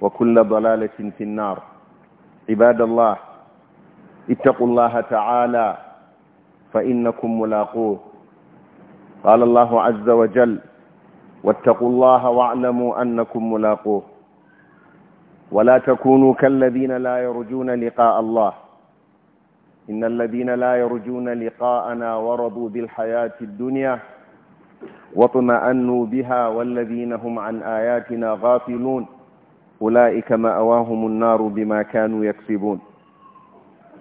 وكل ضلالة في النار عباد الله اتقوا الله تعالى فإنكم ملاقوه قال الله عز وجل واتقوا الله واعلموا أنكم ملاقوه ولا تكونوا كالذين لا يرجون لقاء الله إن الذين لا يرجون لقاءنا ورضوا بالحياة الدنيا واطمأنوا بها والذين هم عن آياتنا غافلون أولئك مأواهم النار بما كانوا يكسبون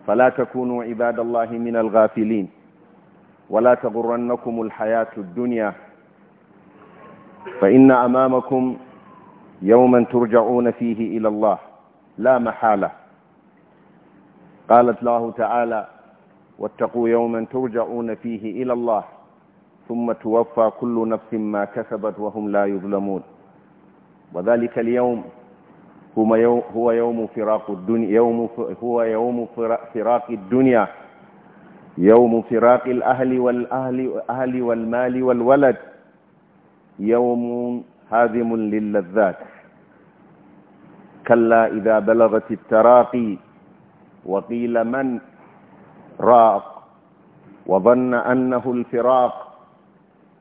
فلا تكونوا عباد الله من الغافلين ولا تغرنكم الحياة الدنيا فإن أمامكم يوما ترجعون فيه إلى الله لا محالة قالت الله تعالى واتقوا يوما ترجعون فيه إلى الله ثم توفى كل نفس ما كسبت وهم لا يظلمون وذلك اليوم هو يوم فراق الدنيا يوم هو يوم فراق الدنيا يوم فراق الأهل والأهل أهل والمال والولد يوم هادم للذات كلا إذا بلغت التراقي وقيل من راق وظن أنه الفراق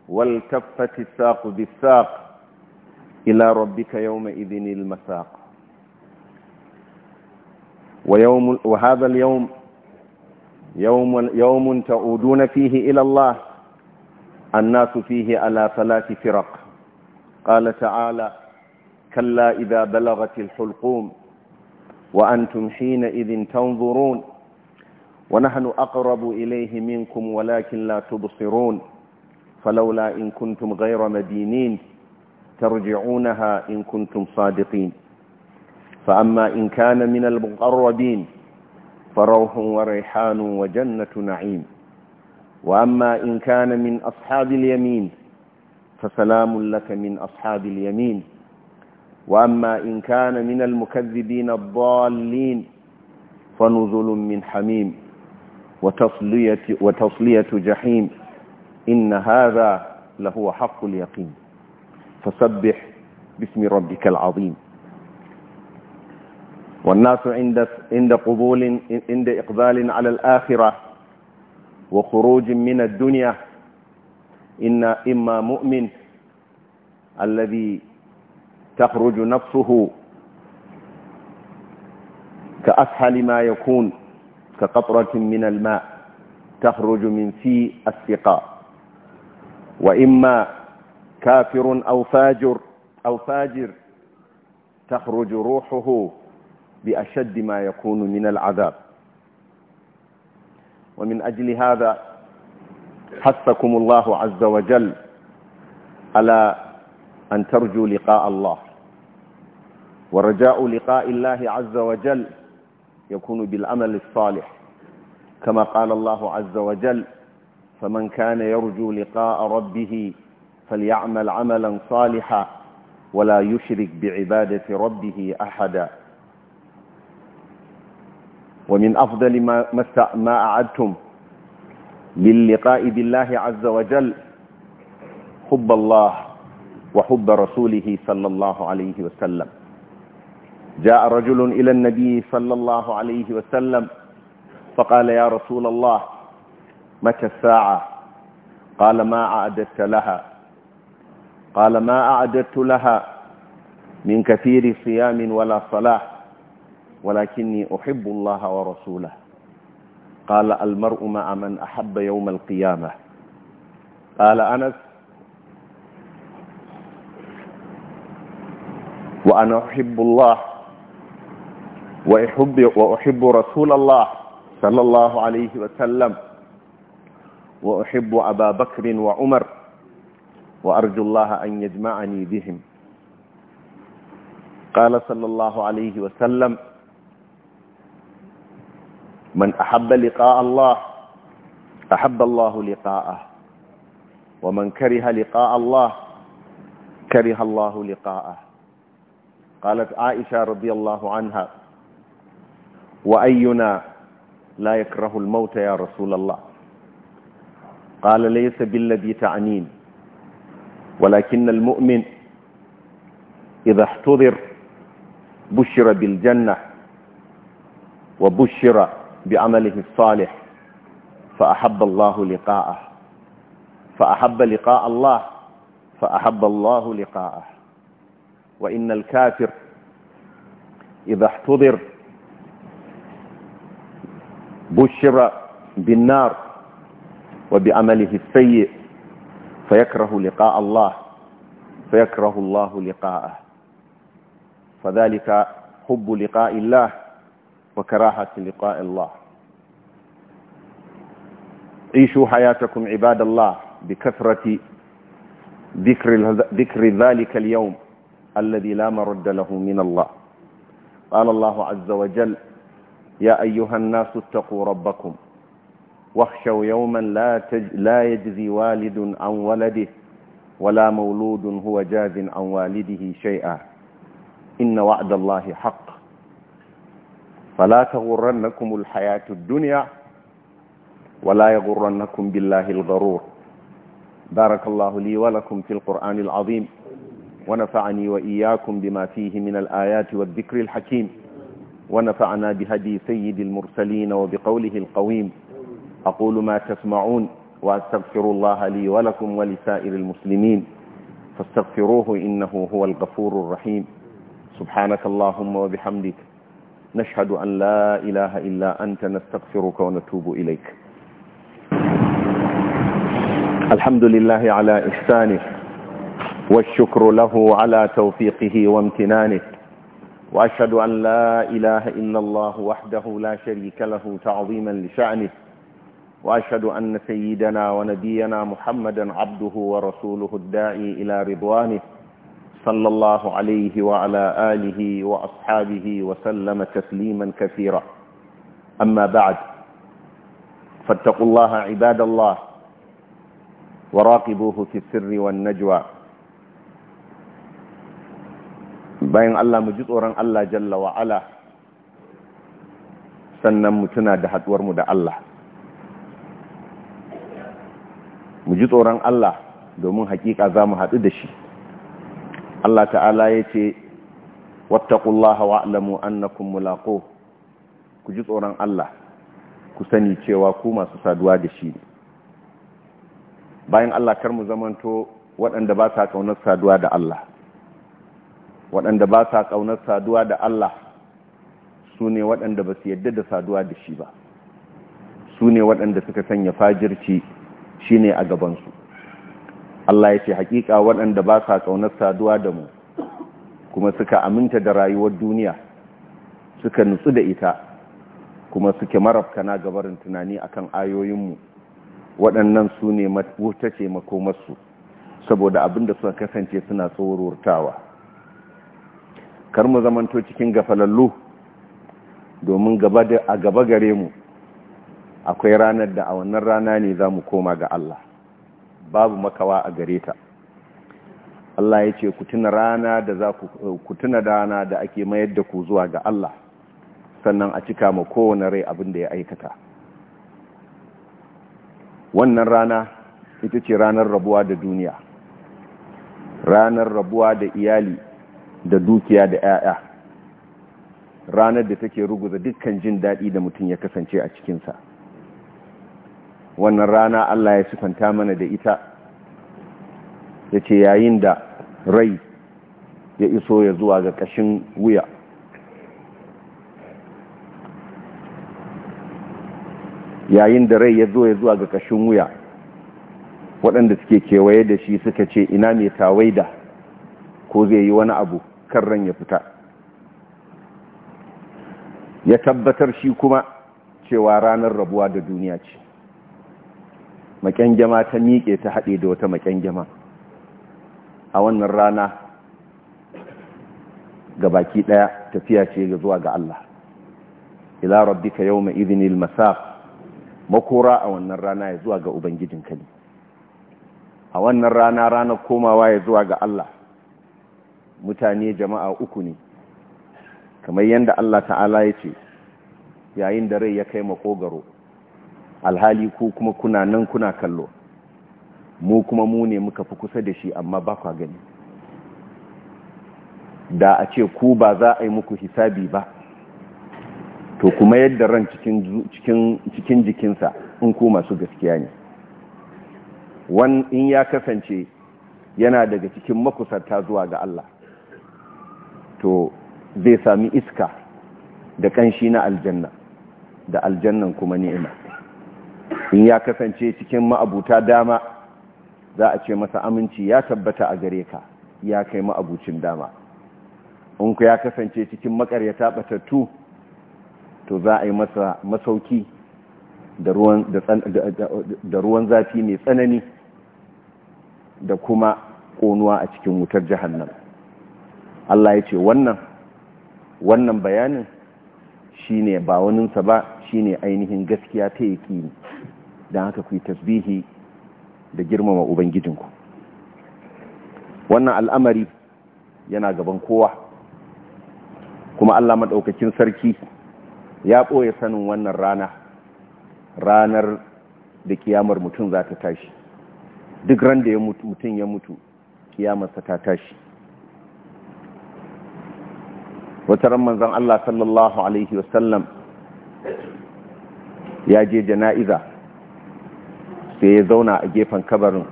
والتفت الساق بالساق إلى ربك يومئذ المساق ويوم وهذا اليوم يوم يوم تعودون فيه إلى الله الناس فيه على ثلاث فرق قال تعالى كلا إذا بلغت الحلقوم وأنتم حينئذ تنظرون ونحن أقرب إليه منكم ولكن لا تبصرون فلولا إن كنتم غير مدينين ترجعونها إن كنتم صادقين فأما إن كان من المقربين فروح وريحان وجنة نعيم وأما إن كان من أصحاب اليمين فسلام لك من أصحاب اليمين وأما إن كان من المكذبين الضالين فنزل من حميم وتصلية, وتصلية جحيم إن هذا لهو حق اليقين فسبح باسم ربك العظيم والناس عند عند قبول عند إقبال على الآخرة وخروج من الدنيا إن إما مؤمن الذي تخرج نفسه كأسهل ما يكون كقطرة من الماء تخرج من في السقاء وإما كافر أو فاجر أو فاجر تخرج روحه بأشد ما يكون من العذاب ومن أجل هذا حثكم الله عز وجل على أن ترجوا لقاء الله ورجاء لقاء الله عز وجل يكون بالعمل الصالح كما قال الله عز وجل فمن كان يرجو لقاء ربه فليعمل عملا صالحا ولا يشرك بعبادة ربه أحدا ومن أفضل ما, ما أعدتم للقاء بالله عز وجل حب الله وحب رسوله صلى الله عليه وسلم جاء رجل إلى النبي صلى الله عليه وسلم فقال يا رسول الله متى الساعة قال ما أعددت لها قال ما أعددت لها من كثير صيام ولا صلاة ولكني أحب الله ورسوله قال المرء مع من أحب يوم القيامة قال أنس وأنا أحب الله وأحب, وأحب رسول الله صلى الله عليه وسلم وأحب أبا بكر وعمر وأرجو الله أن يجمعني بهم قال صلى الله عليه وسلم من أحب لقاء الله أحب الله لقاءه ومن كره لقاء الله كره الله لقاءه قالت عائشة رضي الله عنها وأينا لا يكره الموت يا رسول الله قال ليس بالذي تعنين ولكن المؤمن إذا احتضر بشر بالجنة وبشر بعمله الصالح فأحب الله لقاءه فأحب لقاء الله فأحب الله لقاءه وإن الكافر إذا احتضر بشر بالنار وبعمله السيء فيكره لقاء الله فيكره الله لقاءه فذلك حب لقاء الله وكراهة لقاء الله عيشوا حياتكم عباد الله بكثرة ذكر, ذكر ذلك اليوم الذي لا مرد له من الله قال الله عز وجل يا أيها الناس اتقوا ربكم واخشوا يوما لا, تج لا يجزي والد عن ولده ولا مولود هو جاز عن والده شيئا إن وعد الله حق فلا تغرنكم الحياة الدنيا ولا يغرنكم بالله الغرور بارك الله لي ولكم في القرآن العظيم ونفعني وإياكم بما فيه من الآيات والذكر الحكيم ونفعنا بهدي سيد المرسلين وبقوله القويم أقول ما تسمعون وأستغفر الله لي ولكم ولسائر المسلمين فاستغفروه إنه هو الغفور الرحيم سبحانك اللهم وبحمدك نشهد أن لا إله إلا أنت نستغفرك ونتوب إليك الحمد لله على إحسانه والشكر له على توفيقه وامتنانه وأشهد أن لا إله إلا الله وحده لا شريك له تعظيما لشأنه وأشهد أن سيدنا ونبينا محمدا عبده ورسوله الداعي إلى رضوانه صلى الله عليه وعلى آله وأصحابه وسلم تسليما كثيرا أما بعد فاتقوا الله عباد الله وراقبوه في السر والنجوى بين الله مجد أوران الله جل وعلا سنم متنا دهت ورمد الله مجد أوران الله domin hakika za mu Allah ta'ala ya ce wattaqullaha wa'lamu annakum mulaquh ku ji tsoron Allah ku sani cewa ku masu saduwa da shi bayan Allah kar mu zamanto waɗanda ba sa kaunar saduwa da Allah waɗanda ba sa kaunar saduwa da Allah su ne waɗanda ba su yadda da saduwa da shi ba su ne waɗanda suka sanya fajirci shine a gabansu Allah ya ce hakika waɗanda ba sa ƙaunar saduwa da mu kuma suka aminta da rayuwar duniya suka nutsu da ita kuma suke na gabarin tunani akan ayoyinmu waɗannan su ne wuta ce makomarsu saboda abin da suka kasance suna tsorortawa kar mu zamanto cikin gafalallu domin a gaba gare mu akwai ranar da a wannan rana ne za mu koma ga Allah babu makawa a gare ta Allah ya ce ku tuna rana da za ku rana da ake mayar da ku zuwa ga Allah sannan a cika ma kowane rai abin da ya aikata wannan rana ita ce ranar rabuwa da duniya ranar rabuwa da iyali da dukiya da 'ya'ya ranar da take ruguza dukkan jin daɗi da mutum ya kasance a cikinsa wannan rana Allah ya sifanta mana da ita ya ce yayin da rai ya iso ya zuwa ga kashin wuya yayin da rai ya zo ya zuwa ga kashin wuya waɗanda suke kewaye da shi suka ce ina mai tawaida ko zai yi wani abu kan ran ya fita ya tabbatar shi kuma cewa ranar rabuwa da duniya ce maƙyangyama ta miƙe ta haɗe da wata jama a wannan rana ga baki ɗaya tafiya ce ga zuwa ga Allah ila rabbika yawma idhnil masaf makura a wannan rana ya zuwa ga ubangijinka ne a wannan rana ranar komawa ya zuwa ga Allah mutane jama'a uku ne kamar yadda Allah ta'ala ya ce yayin da rai ya kai makogaro alhali ku kuma kuna nan kuna kallo mu kuma mu ne muka fi kusa da shi amma ba kwa gani da a ce ku ba za a yi muku hisabi ba to kuma yadda ran cikin jikinsa in ku masu gaskiya ne wan in ya kasance yana daga cikin makusarta zuwa ga Allah to zai sami iska da kanshi na aljanna da aljannan kuma ni'ima in ya kasance cikin ma'abuta dama za a ce masa aminci ya tabbata a gare ka ya kai ma'abucin dama in ku ya kasance cikin makaryata batattu to za a yi masa masauki da ruwan zafi mai tsanani da kuma konuwa a cikin wutar jihannan Allah ya ce wannan wannan bayanin ne ba waninsa ba ne ainihin gaskiya ta yi don haka ku tasbihi da girmama ubangijinku wannan al'amari yana gaban kowa kuma Allah maɗaukakin sarki ya ɓoye sanin wannan rana ranar da kiyamar mutum za ta tashi duk ran da mutum ya mutu kiyamarsa ta tashi wata ran manzan Allah sallallahu Alaihi wasallam ya je jana'iza sai ya zauna a gefen kabarin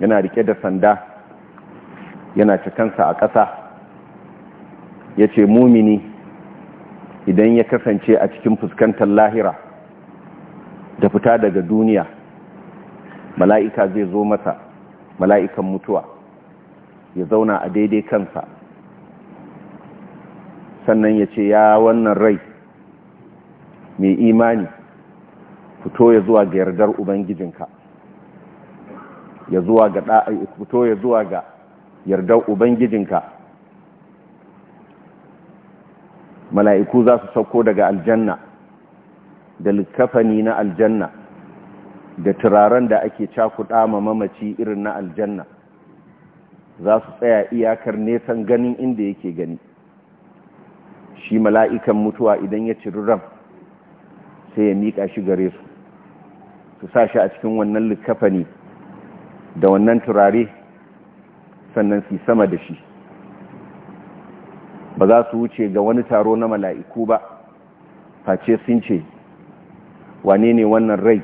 yana rike da sanda yana kansa a ƙasa ya ce mumini idan ya kasance a cikin fuskantar lahira da fita daga duniya mala'ika zai zo masa mala'ikan mutuwa ya zauna a daidai kansa sannan ya ce ya wannan rai mai imani fito ya zuwa ga yardar ubangijinka ya zuwa ga fito ya zuwa ga yardar ubangijinka mala'iku za su sauko daga aljanna da likafani na aljanna da turaren da ake cakuɗa ma mamaci irin na aljanna za su tsaya iyakar nesan ganin inda yake gani shi mala'ikan mutuwa idan ya ciri ram sai ya miƙa shi gare su su sa shi a cikin wannan likafani da wannan turare sannan su sama da shi ba za su wuce ga wani taro na mala'iku ba face sun ce wane ne wannan rai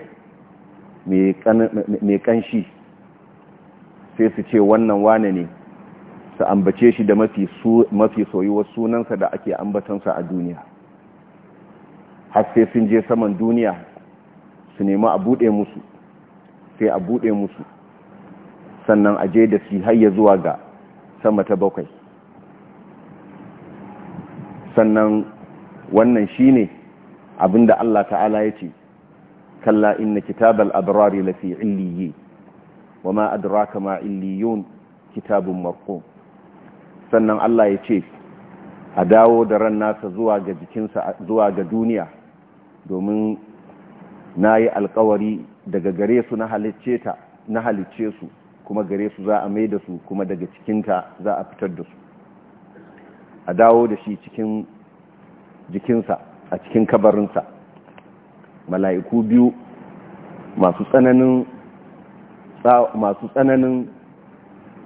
mai kanshi sai su ce wannan wane ne su ambace shi da mafi soyuwar sunansa da ake ambatansa a duniya har sai sun je saman duniya su nemi a buɗe musu sai a buɗe musu sannan a je da su hayya zuwa ga sama ta bakwai sannan wannan shi ne abinda Allah ta'ala ya ce kalla inna kitabal abrari lafi illiyi wa ma adraka ma illiyun kitabun marqum sannan Allah ya ce a dawo da ran nasa zuwa ga jikinsa zuwa ga duniya domin na yi alkawari daga gare su na halicce su kuma gare su za a mai da su kuma daga cikinta za a fitar da su a dawo da shi cikin jikinsa a cikin kabarinsa mala'iku biyu masu tsananin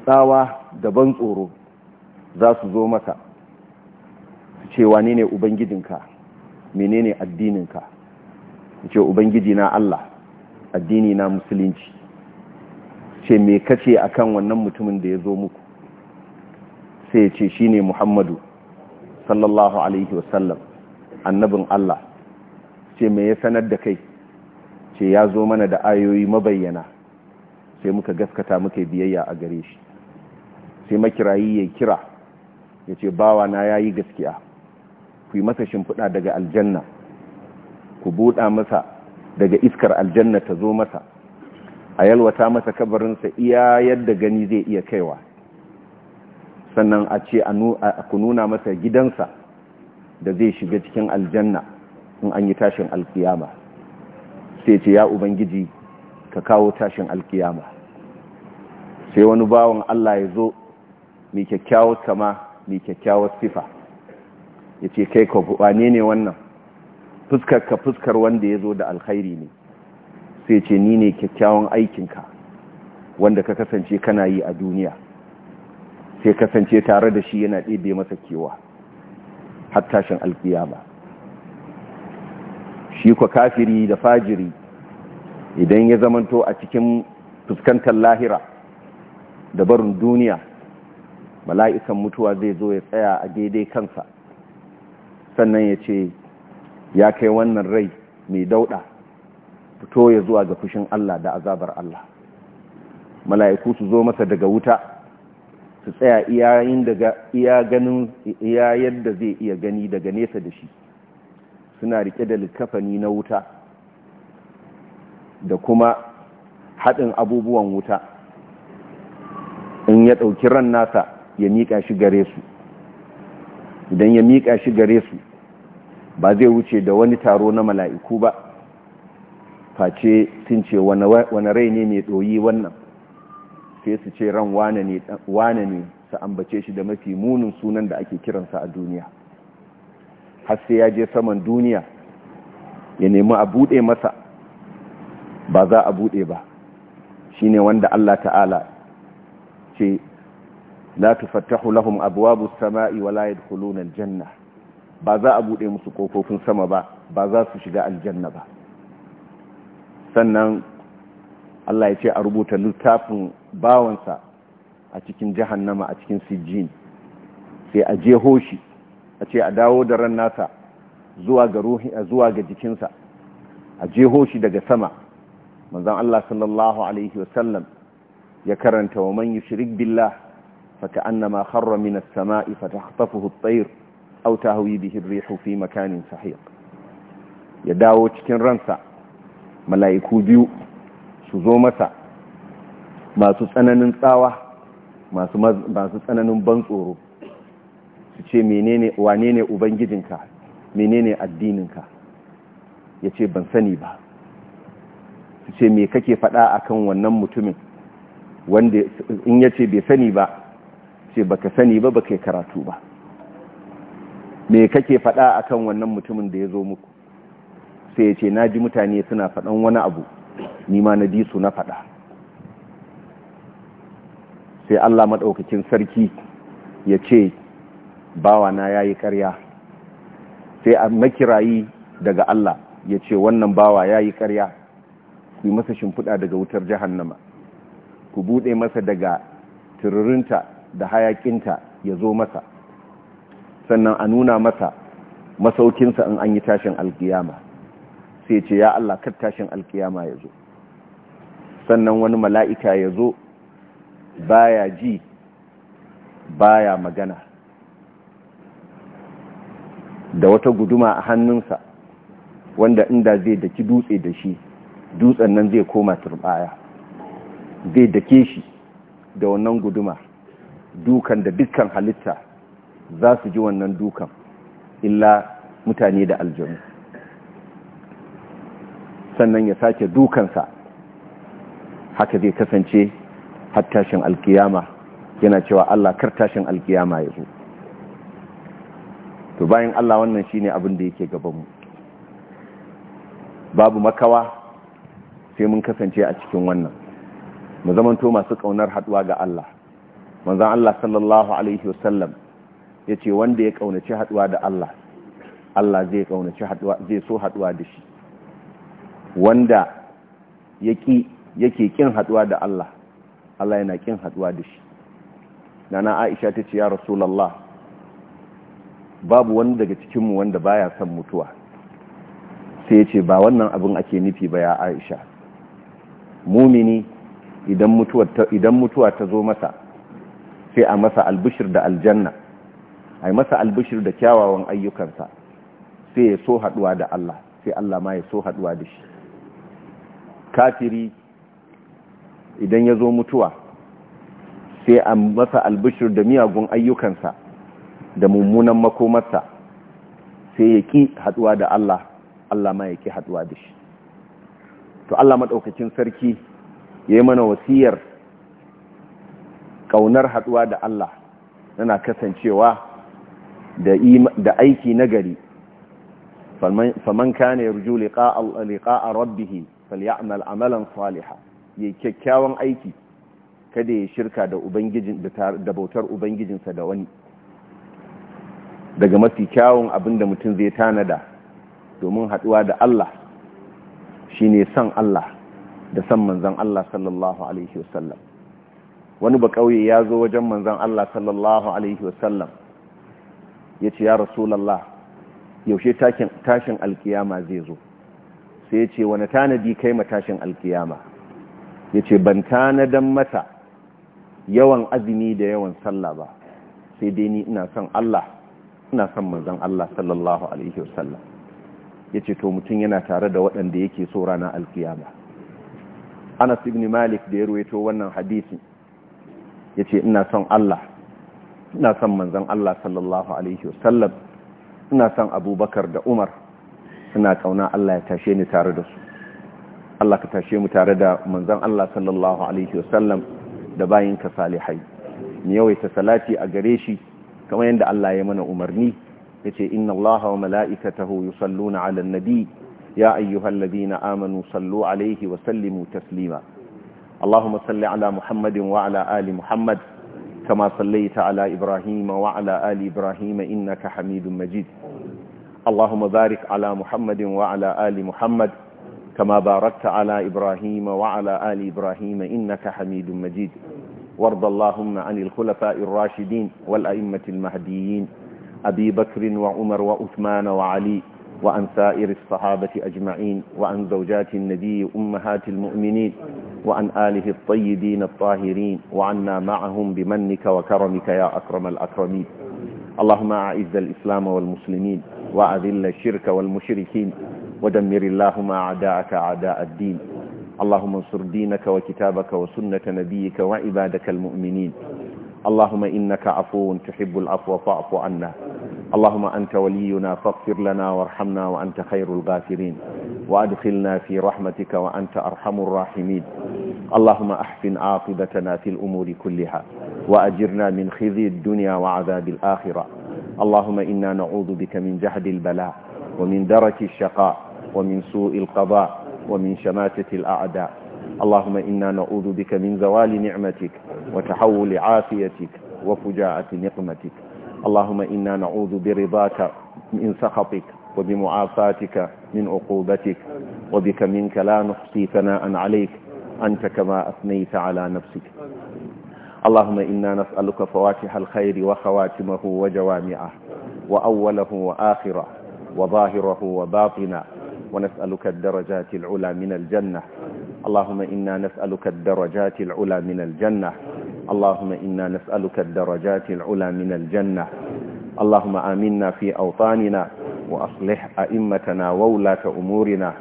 tsawa da ban tsoro za su zo maka cewa ce ne ubangijinka menene addininka ce ubangiji na Allah addini na musulunci ce me kace akan wannan mutumin da ya zo muku sai ya ce shine Muhammadu sallallahu alaihi wasallam annabin Allah ce me ya sanar da kai ce ya zo mana da ayoyi mabayyana sai muka gaskata muka biyayya a gare shi sai makirayi ya kira ya ce bawa na ya yi gaskiya ku yi masa shimfiɗa daga aljanna ku buɗa masa daga iskar aljanna ta zo masa a yalwata masa kabarinsa iya yadda gani zai iya kaiwa sannan a ce ku nuna masa gidansa da zai shiga cikin aljanna in an yi tashin alkiyama sai ce ya ubangiji ka kawo tashin alkiyama sai wani bawan Allah ya zo mai kyakkyawar kama mai kyakkyawar sifa ya ce kai ka wane ne wannan Fuskarka fuskar wanda ya zo da alkhairi ne sai ce ni ne kyakkyawan aikinka wanda ka kasance kana yi a duniya sai kasance tare da shi yana ɗebe masa kewa har tashin alkiyama shi kwa kafiri da fajiri idan ya zamanto a cikin fuskantar lahira da barin duniya mala'ikan mutuwa zai zo ya tsaya a daidai kansa sannan ya ce ya kai wannan rai mai dauɗa fito ya zuwa ga fushin Allah da azabar Allah mala'iku su zo masa daga wuta su tsaya iyayen daga iya ganin iya yadda zai iya gani daga nesa da shi suna riƙe da likafani na wuta da kuma haɗin abubuwan wuta in ya ɗauki ran nasa ya miƙa shi gare su idan ya miƙa shi gare su ba zai wuce da wani taro na mala'iku ba face sun ce wani rai ne mai ɗoyi wannan sai su ce ran wane ne su ambace shi da mafi munin sunan da ake kiransa a duniya har sai ya je saman duniya ya nemi a buɗe masa ba za a buɗe ba shi ne wanda Allah ta'ala ce la tufattahu lahum bu sama'i wa la yadkhuluna janna ba za a bude musu kofofin sama ba ba za su shiga aljanna ba sannan Allah ya ce a rubuta littafin bawansa a cikin jahannama a cikin sijjin sai a jeho shi a ce a dawo da ran nasa zuwa ga ruhi zuwa ga jikinsa a jeho shi daga sama manzon Allah sallallahu alaihi wasallam ya karanta wa man yushrik billah fa ka'annama kharra minas sama'i fa takhtafuhu at-tayr aw tahwi bihi rihu fi makanin sahiq ya dawo cikin ransa mala'iku biyu su zo masa masu tsananin tsawa masu masu tsananin ban tsoro su ce menene wane ne ubangijinka menene addininka ya ce ban sani ba su ce me kake fada akan wannan mutumin wanda in yace bai sani ba ce baka sani ba baka karatu ba me kake faɗa akan wannan mutumin da ya zo muku sai ya ce na ji mutane suna faɗan wani abu nima na ji su na faɗa sai allah maɗaukakin sarki ya ce bawana ya yi ƙarya sai a makirayi daga allah ya ce wannan bawa ya yi ƙarya ku yi masa shimfiɗa daga wutar jahannama ku buɗe masa daga tururinta da hayakinta ya zo masa sannan a nuna masa masaukinsa in an yi tashin alkiyama sai ce ya Allah kar tashin alkiyama ya zo sannan wani mala'ika ya zo baya ji baya magana da wata guduma a hannunsa wanda inda zai daki dutse da shi dutsen nan zai koma turbaya zai dake shi da wannan guduma dukan da dukkan halitta za su ji wannan dukan illa mutane da aljanu sannan ya sake dukansa haka zai kasance har tashin alkiyama yana cewa Allah kar tashin alkiyama ya zo to bayan Allah wannan shine abin da yake gabanmu babu makawa sai mun kasance a cikin wannan mu zamanto masu kaunar haduwa ga Allah manzan Allah sallallahu alaihi wasallam ya ce wanda ya kaunaci haduwa da Allah Allah zai kaunaci haduwa zai so haduwa da shi wanda yake kin haduwa da Allah Allah yana kin haduwa da shi nana Aisha ta ce ya Rasulullah babu wani daga cikin mu wanda baya son mutuwa sai ya ce ba wannan abin ake nufi ba ya Aisha mumini idan mutuwa ta zo masa sai a masa albishir da aljanna a masa albishir da kyawawan ayyukansa sai ya so haduwa da Allah sai Allah ma ya so haduwa da shi kafiri idan ya zo mutuwa sai a masa albishir da miyagun ayyukansa da mummunan makomarsa sai ya ki haduwa da Allah Allah ma ya ki haduwa da shi to Allah maɗaukacin sarki ya yi mana wasiyar ƙaunar haɗuwa da Allah yana kasancewa da aiki nagari faman kana liƙa liqa'a rabbih falyamal amalan saliha yayi kyakkyawan aiki kada ya shirka da ubangijin da bautar ubangijinsa da wani daga mafi kyawun abinda mutum zai tanada domin haɗuwa da Allah shine san Allah da san manzan Allah sallallahu alaihi wasallam wani ba kauye ya zo wajen manzan Allah sallallahu alaihi wasallam ya ce ya rasulallah yaushe tashin alkiyama zai zo sai ya ce wani tanadi kai ma tashin alkiyama ya ce ban tanadan mata yawan azumi da yawan sallah ba sai dai ni ina son Allah ina son manzan Allah sallallahu alaihi wasallam ya ce to mutum yana tare da waɗanda yake so ranar alkiyama anas ibn malik da ya ruwaito wannan hadisi ya ce ina son Allah ina son manzan Allah sallallahu alaihi wasallam ina son abubakar da umar ina kauna Allah ya tashe ni tare da su Allah ka tashe mu tare da manzan Allah sallallahu alaihi wasallam da bayinka salihai mu yawaita salati a gare shi kamar yadda Allah ya mana umarni ce inna Allaha wa mala'ikatahu Salluna 'alan nabi ya ayyuhalladhina amanu sallu 'alaihi wa sallimu taslima Allahumma salli 'ala Muhammadin wa 'ala ali Muhammad كما صليت على إبراهيم وعلى آل إبراهيم إنك حميد مجيد اللهم بارك على محمد وعلى آل محمد كما باركت على إبراهيم وعلى آل إبراهيم إنك حميد مجيد وارض اللهم عن الخلفاء الراشدين والأئمة المهديين أبي بكر وعمر وأثمان وعلي وعن سائر الصحابة أجمعين وعن زوجات النبي أمهات المؤمنين وعن آله الطيبين الطاهرين وعنا معهم بمنك وكرمك يا أكرم الأكرمين اللهم أعز الإسلام والمسلمين وأذل الشرك والمشركين ودمر اللهم أعداءك أعداء الدين اللهم انصر دينك وكتابك وسنة نبيك وعبادك المؤمنين اللهم إنك عفو تحب العفو فاعف عنا اللهم أنت ولينا فاغفر لنا وارحمنا وأنت خير الغافرين وأدخلنا في رحمتك وأنت أرحم الراحمين اللهم أحسن عاقبتنا في الأمور كلها وأجرنا من خزي الدنيا وعذاب الآخرة اللهم إنا نعوذ بك من جهد البلاء ومن درك الشقاء ومن سوء القضاء ومن شماتة الأعداء اللهم إنا نعوذ بك من زوال نعمتك وتحول عافيتك وفجاءة نقمتك اللهم إنا نعوذ برضاك من سخطك وبمعافاتك من عقوبتك وبك منك لا نحصي ثناء عليك أنت كما أثنيت على نفسك اللهم إنا نسألك فواتح الخير وخواتمه وجوامعه وأوله وآخره وظاهره وباطنه ونسألك الدرجات العلى من الجنة اللهم إنا نسألك الدرجات العلى من الجنة اللهم إنا نسألك الدرجات العلى من الجنة اللهم آمنا في أوطاننا وأصلح أئمتنا وولاة أمورنا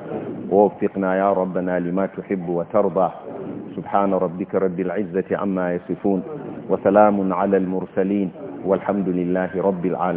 ووفقنا يا ربنا لما تحب وترضى سبحان ربك رب العزة عما يصفون وسلام على المرسلين والحمد لله رب العالمين